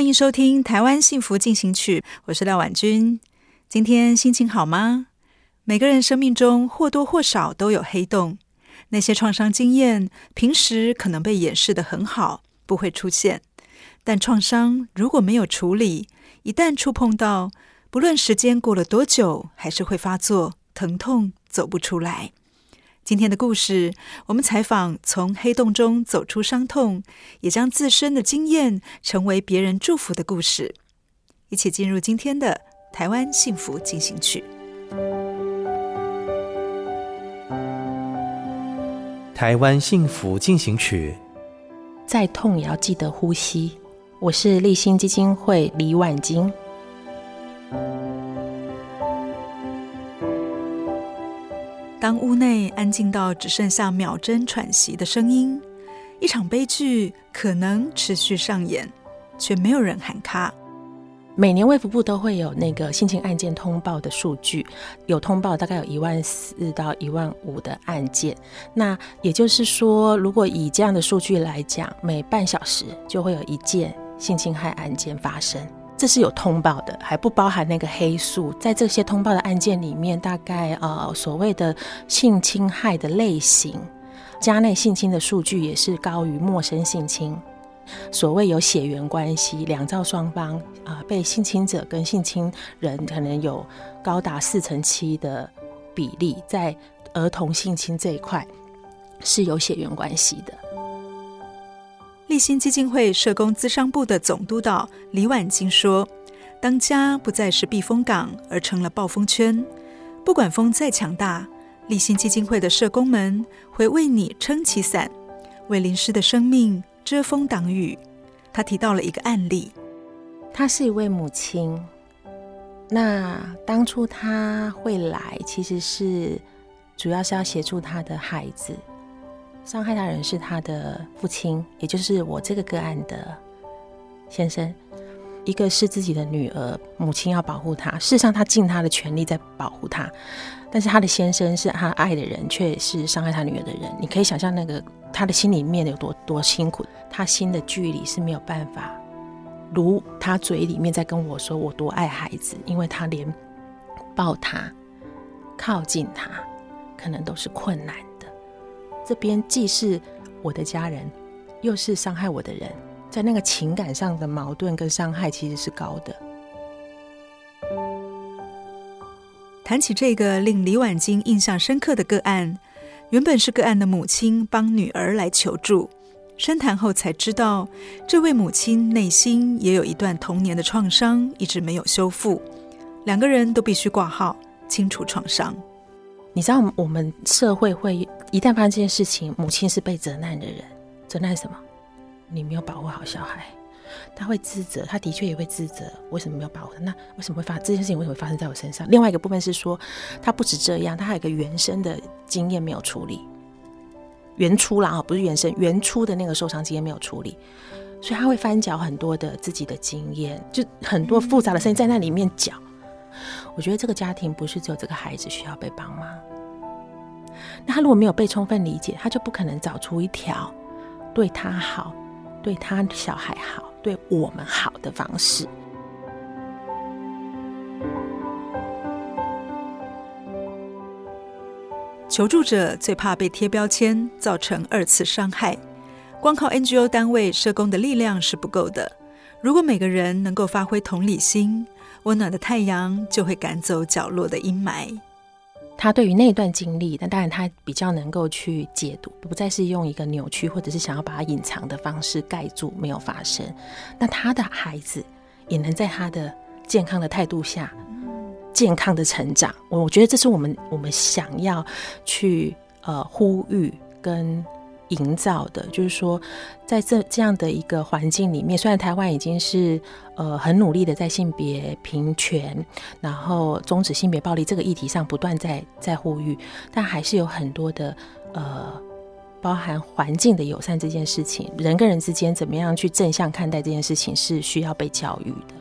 歡迎收聽《台灣幸福進行曲》，我是廖婉君。今天心情好嗎？每個人生命中或多或少都有黑洞，那些創傷經驗，平時可能被掩飾得很好，不會出現。但創傷如果沒有處理，一旦觸碰到，不論時間過了多久，還是會發作，疼痛走不出來。今天的故事，我們採訪從黑洞中走出傷痛，也將自身的經驗成為別人祝福的故事，一起進入今天的《台灣幸福進行曲》。《台灣幸福進行曲》，再痛也要記得呼吸。我是勵馨基金會李婉菁。當屋內安靜到只剩下秒針喘息的聲音，一場悲劇可能持續上演，卻沒有人喊卡。每年衛福部都會有那個性侵案件通報的數據，有通報大概有一萬四到一萬五的案件。那也就是說，如果以這樣的數據來講，每半小時就會有一件性侵害案件發生。這是有通報的，還不包含那個黑數。在這些通報的案件裡面，大概呃所謂的性侵害的類型，家內性侵的數據也是高於陌生性侵。所謂有血緣關係，兩造雙方啊、呃，被性侵者跟性侵人可能有高達四成七的比例，在兒童性侵這一塊是有血緣關係的。勵馨基金會社工諮商部的總督導李婉菁說：“當家不再是避風港，而成了暴風圈。不管風再強大，勵馨基金會的社工們會為你撐起傘，為淋濕的生命遮風擋雨。”她提到了一個案例，她是一位母親。那當初她會來，其實是主要是要協助她的孩子。傷害他的人是他的父親，也就是我這個個案的先生。一個是自己的女兒，母親要保護他。事實上，他盡他的全力在保護他，但是他的先生是他愛的人，卻是傷害他女兒的人。你可以想象那個他的心裡面有多多辛苦，他心的距離是沒有辦法如他嘴裡面在跟我說我多愛孩子，因為他連抱他、靠近他，可能都是困難。這邊既是我的家人，又是傷害我的人，在那個情感上的矛盾跟傷害其實是高的。談起這個令李婉菁印象深刻的個案，原本是個案的母親幫女兒來求助，深談後才知道，這位母親內心也有一段童年的創傷一直沒有修復，兩個人都必須掛號清除創傷。你知道我們社會會？一旦發生這件事情，母親是被責難的人，責難是什麼？你沒有保護好小孩，他會自責，他的確也會自責，為什麼沒有保護他？那為什麼會發這件事情？為什麼會發生在我身上？另外一個部分是說，他不止這樣，他還有一個原生的經驗沒有處理，原初了啊，不是原生，原初的那個受傷經驗沒有處理，所以他會翻攪很多的自己的經驗，就很多複雜的事情在那裡面攪。我覺得這個家庭不是只有這個孩子需要被幫忙。那他如果沒有被充分理解，他就不可能找出一條對他好、對他小孩好、對我們好的方式。求助者最怕被貼標籤，造成二次傷害。光靠 NGO 單位社工的力量是不夠的。如果每個人能夠發揮同理心，溫暖的太陽就會趕走角落的陰霾。他對於那段經歷，那當然他比較能夠去解讀，不再是用一個扭曲或者是想要把它隱藏的方式蓋住，沒有發生。那他的孩子也能在他的健康的態度下，健康的成長。我我覺得這是我們我們想要去呃呼籲跟，營造的，就是說，在這這樣的一個環境裡面，雖然台灣已經是呃很努力的在性別平權，然後終止性別暴力這個議題上不斷在在呼籲，但還是有很多的呃包含環境的友善這件事情，人跟人之間怎麼樣去正向看待這件事情，是需要被教育的。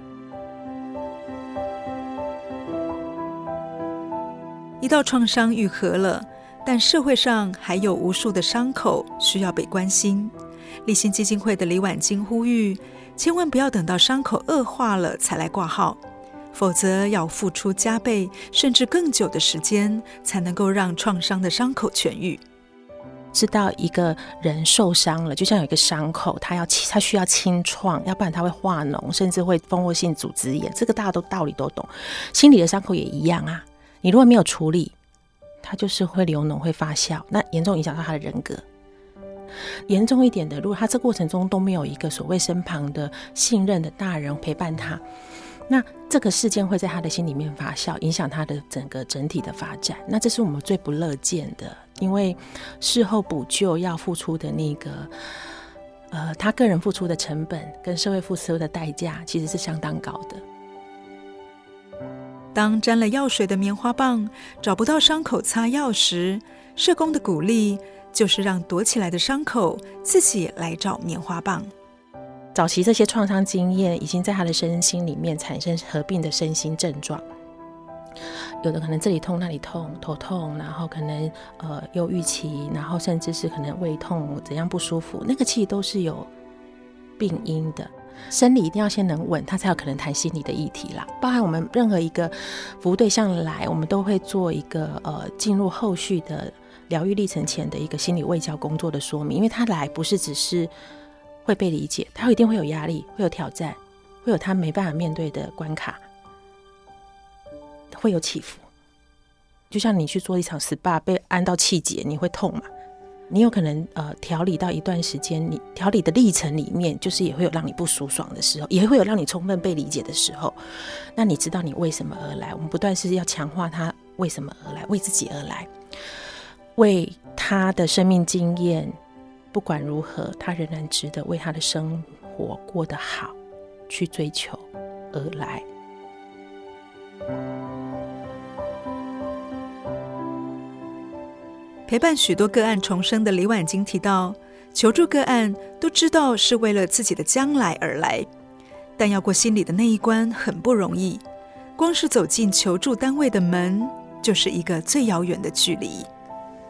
一道創傷愈合了，但社會上還有無數的傷口需要被關心。勵馨基金會的李婉菁呼籲：千萬不要等到傷口惡化了才來掛號，否則要付出加倍甚至更久的時間才能夠讓創傷的傷口痊癒。知道一個人受傷了，就像有一個傷口，它要它需要清創，要不然它會化膿，甚至會蜂窩性組織炎。這個大家都道理都懂，心裡的傷口也一樣啊。你如果沒有處理，他就是會流膿、會發酵，那嚴重影響到他的人格。嚴重一點的，如果他這過程中都沒有一個所謂身旁的信任的大人陪伴他，那這個事件會在他的心裡面發酵，影響他的整個整體的發展。那這是我們最不樂見的，因為事後補救要付出的那個，呃，他個人付出的成本跟社會付出的代價，其實是相當高的。當沾了藥水的棉花棒找不到傷口擦藥時，社工的鼓勵就是讓躲起來的傷口自己來找棉花棒。早期這些創傷經驗已經在他的身心裡面產生合併的身心症狀，有的可能這裡痛那裡痛，頭痛，然後可能呃憂鬱期，然後甚至是可能胃痛怎樣不舒服，那個其實都是有病因的。生理一定要先能穩，他才有可能談心理的議題啦。包含我們任何一個服務對象來，我們都會做一個呃進入後續的療癒歷程前的一個心理衛教工作的說明，因為他來不是只是會被理解，他一定會有壓力，會有挑戰，會有他沒辦法面對的關卡，會有起伏。就像你去做一場 SPA 被按到氣結，你會痛嗎？你有可能，呃，調理到一段時間，你調理的歷程裡面，就是也會有讓你不舒爽的時候，也會有讓你充分被理解的時候。那你知道你為什麼而來？我們不斷是要強化他為什麼而來，為自己而來，為他的生命經驗，不管如何，他仍然值得為他的生活過得好去追求而來。陪伴許多個案重生的李婉菁提到，求助個案都知道是為了自己的將來而來，但要過心裡的那一關很不容易。光是走進求助單位的門就是一個最遙遠的距離。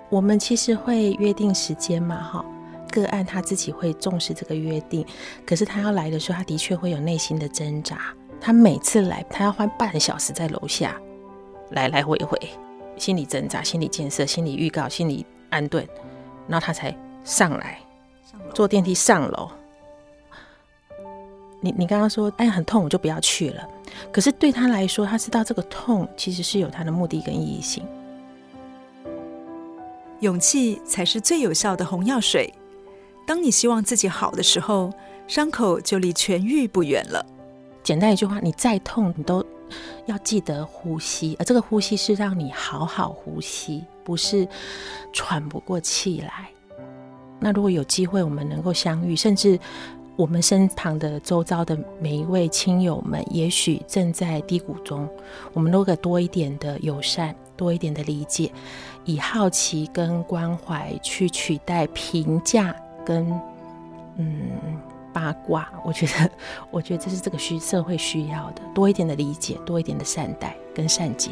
我們其實會約定時間嘛，哈、哦，個案他自己會重視這個約定，可是他要來的時候，他的確會有內心的掙扎。他每次來，他要花半小時在樓下來來回回。心理掙扎、心理建設、心理預告、心理安頓，然後他才上來，坐電梯上樓。你你剛剛說，哎，很痛，我就不要去了。可是對他來說，他知道這個痛其實是有他的目的跟意義性。勇氣才是最有效的紅藥水。當你希望自己好的時候，傷口就離痊癒不遠了。簡單一句話，你再痛，你都。要記得呼吸，而這個呼吸是讓你好好呼吸，不是喘不過氣來。那如果有機會，我們能夠相遇，甚至我們身旁的周遭的每一位親友們，也許正在低谷中，我們多個多一點的友善，多一點的理解，以好奇跟關懷去取代評價跟嗯。八卦，我覺得，我覺得這是這個需社會需要的，多一點的理解，多一點的善待跟善解。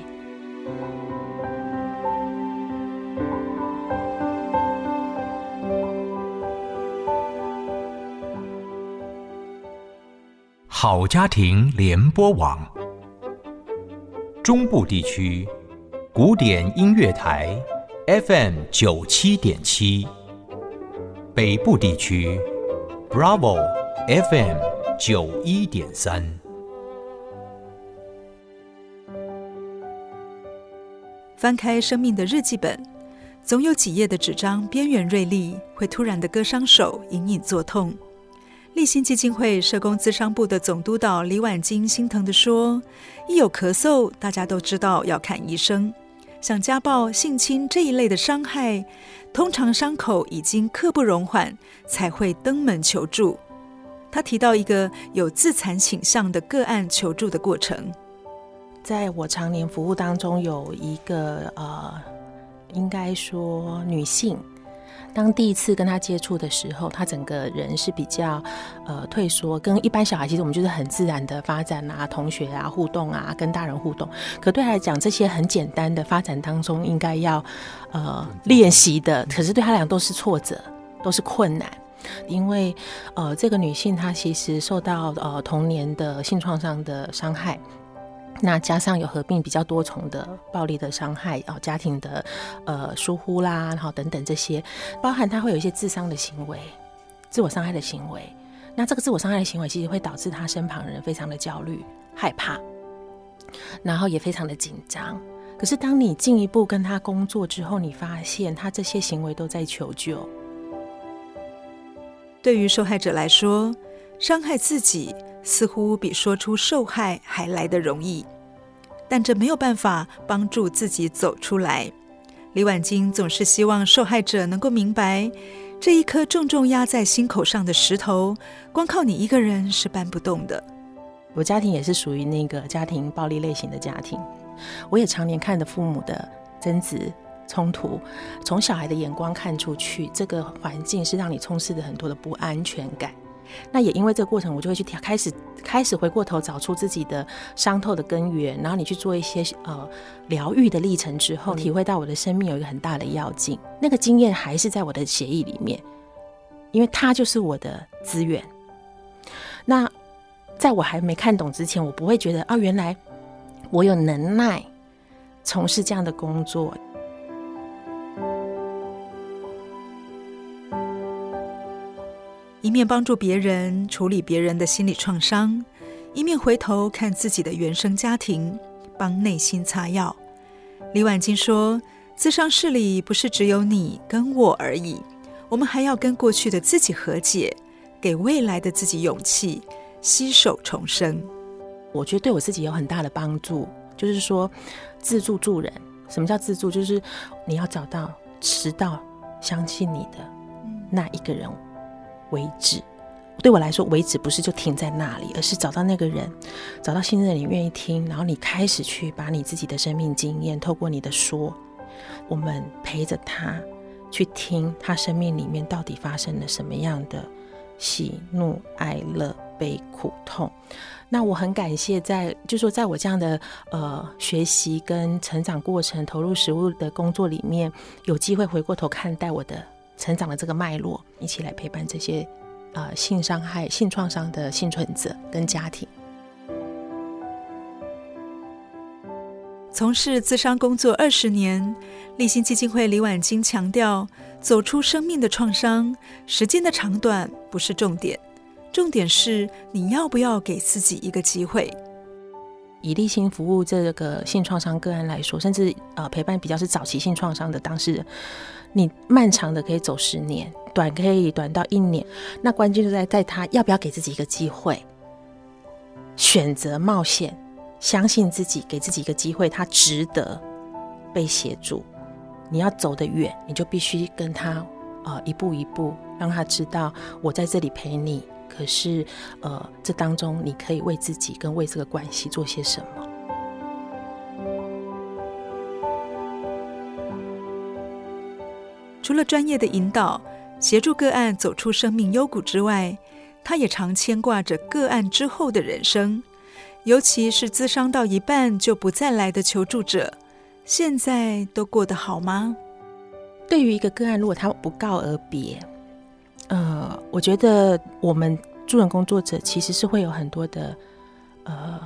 好家庭聯播網，中部地區古典音樂台，FM 九七點七，北部地區 Bravo。FM 九一點三。翻開生命的日記本，總有幾頁的紙張邊緣銳利，會突然的割傷手，隱隱作痛。勵馨基金會社工諮商部的總督導李婉菁心疼地說：“一有咳嗽，大家都知道要看醫生。像家暴、性侵這一類的傷害，通常傷口已經刻不容緩，才會登門求助。”他提到一個有自殘傾向的個案求助的過程，在我常年服務當中，有一個呃，應該說女性，當第一次跟他接觸的時候，他整個人是比較呃退縮，跟一般小孩其實我們就是很自然的發展啊，同學啊互動啊，跟大人互動，可對他來講，這些很簡單的發展當中應，應該要呃練習的，可是對他來講都是挫折，都是困難。因為，呃，這個女性她其實受到呃童年的性創傷的傷害，那加上有合併比較多重的暴力的傷害，哦、呃，家庭的呃疏忽啦，然後等等這些，包含她會有一些自傷的行為，自我傷害的行為。那這個自我傷害的行為，其實會導致她身旁人非常的焦慮、害怕，然後也非常的緊張。可是當你進一步跟她工作之後，你發現她這些行為都在求救。對於受害者來說，傷害自己似乎比說出受害還來得容易，但這沒有辦法幫助自己走出來。李婉菁總是希望受害者能夠明白，這一顆重重壓在心口上的石頭，光靠你一個人是搬不動的。我家庭也是屬於那個家庭暴力類型的家庭，我也常年看着父母的爭執。衝突，從小孩的眼光，看出去，這個環境是讓你充斥着很多的不安全感，那也因為這個過程，我就會去開始開始回過頭找出自己的傷痛的根源，然後你去做一些呃療癒的歷程之後，體會到我的生命有一個很大的躍進、嗯、那個經驗還是在我的協議裡面，因為它就是我的資源。那在我還沒看懂之前，我不會覺得啊，原來我有能耐從事這樣的工作。一面幫助別人處理別人的心理創傷，一面回頭看自己的原生家庭，幫內心擦藥。李婉菁說：“諮商室裡不是只有你跟我而已，我們還要跟過去的自己和解，給未來的自己勇氣，攜手重生。”我覺得對我自己有很大的幫助，就是說自助助人。什麼叫自助？就是你要找到、遲到、相信你的那一個人。為止，對我來說，為止不是就停在那裡，而是找到那個人，找到信任的你願意聽，然後你開始去把你自己的生命經驗透過你的說，我們陪着他去聽他生命裡面到底發生了什麼樣的喜怒哀樂悲苦痛。那我很感謝在，在就是說在我這樣的呃學習跟成長過程投入實務的工作裡面，有機會回過頭看待我的。成長的這個脈絡，一起來陪伴這些，啊、呃、性傷害、性創傷的幸存者跟家庭。從事諮商工作二十年，勵馨基金會李婉菁強調，走出生命的創傷，時間的長短不是重點，重點是你要不要給自己一個機會。以勵馨服務這個性創傷個案來說，甚至呃，陪伴比較是早期性創傷的當事人。你漫長的可以走十年，短可以短到一年。那關鍵就在在他要不要給自己一個機會，選擇冒險，相信自己，給自己一個機會，他值得被協助。你要走得遠，你就必須跟他呃一步一步，讓他知道我在這裡陪你。可是呃，這當中你可以為自己跟為這個關係做些什麼。除了專業的引導，協助個案走出生命幽谷之外，他也常牽掛着個案之後的人生，尤其是諮商到一半就不再來的求助者，現在都過得好嗎？對於一個個案，如果他不告而別，呃，我覺得我們助人工作者其實是會有很多的呃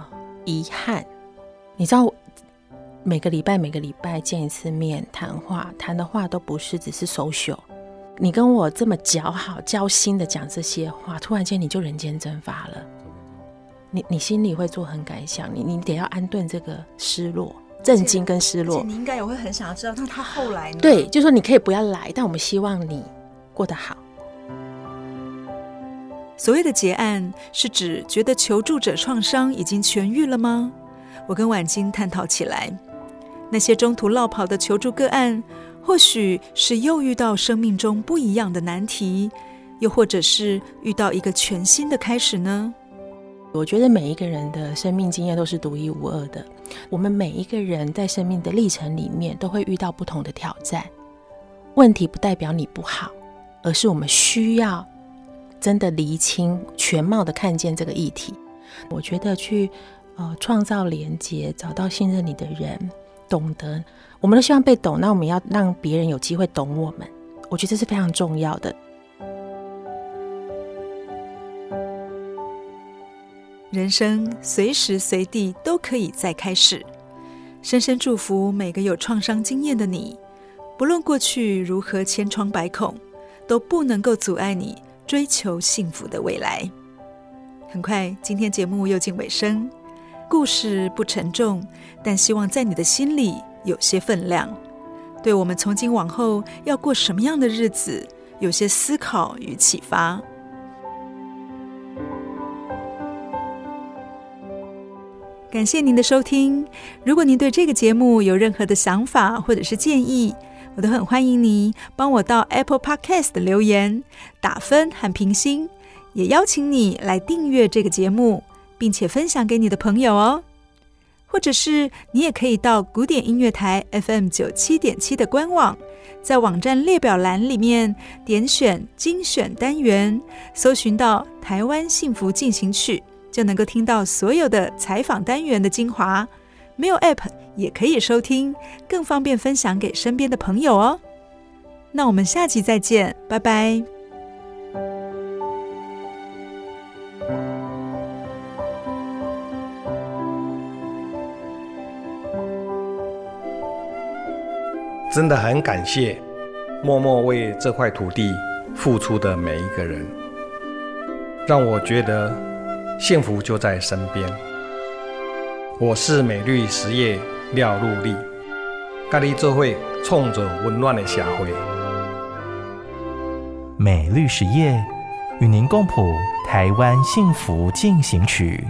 遺憾。你知道？每個禮拜每個禮拜見一次面，談話談的話都不是只是 social。你跟我這麼交好、交心的講這些話，突然間你就人間蒸發了，你你心裡會做很感想，你你得要安頓這個失落、震驚跟失落。你應該也會很想要知道，那他後來呢？對，就是說你可以不要來，但我們希望你過得好。所謂的結案，是指覺得求助者創傷已經痊癒了嗎？我跟婉菁探討起來。那些中途落跑的求助個案，或許是又遇到生命中不一樣的難題，又或者是遇到一個全新的開始呢？我覺得每一個人的生命經驗都是獨一無二的。我們每一個人在生命的歷程裡面，都會遇到不同的挑戰。問題不代表你不好，而是我們需要真的釐清全貌的看見這個議題。我覺得去呃創造連接，找到信任你的人，懂得，我們都希望被懂，那我們要讓別人有機會懂我們，我覺得這是非常重要的。人生隨時隨地都可以再開始，深深祝福每個有創傷經驗的你，不論過去如何千瘡百孔，都不能夠阻礙你追求幸福的未來。很快，今天節目又近尾聲。故事不沉重，但希望在你的心裡有些分量，對我們從今往後要過什麼樣的日子有些思考與啟發。感謝您的收聽。如果您對這個節目有任何的想法或者是建議，我都很歡迎你幫我到 Apple Podcast 的留言、打分和評星，也邀請你來訂閱這個節目。並且分享給你的朋友哦，或者是你也可以到古典音樂台 FM 九七點七的官網，在網站列表欄裡面點選精選單元，搜尋到《台灣幸福進行曲》，就能夠聽到所有的採訪單元的精華。沒有 app 也可以收聽，更方便分享給身邊的朋友哦。那我們下期再見，拜拜。真的很感謝默默為這塊土地付出的每一個人，讓我覺得幸福就在身邊。我是美律實業廖祿立，家裡聚會，衝著溫暖的霞輝，美律實業與您共譜台灣幸福進行曲。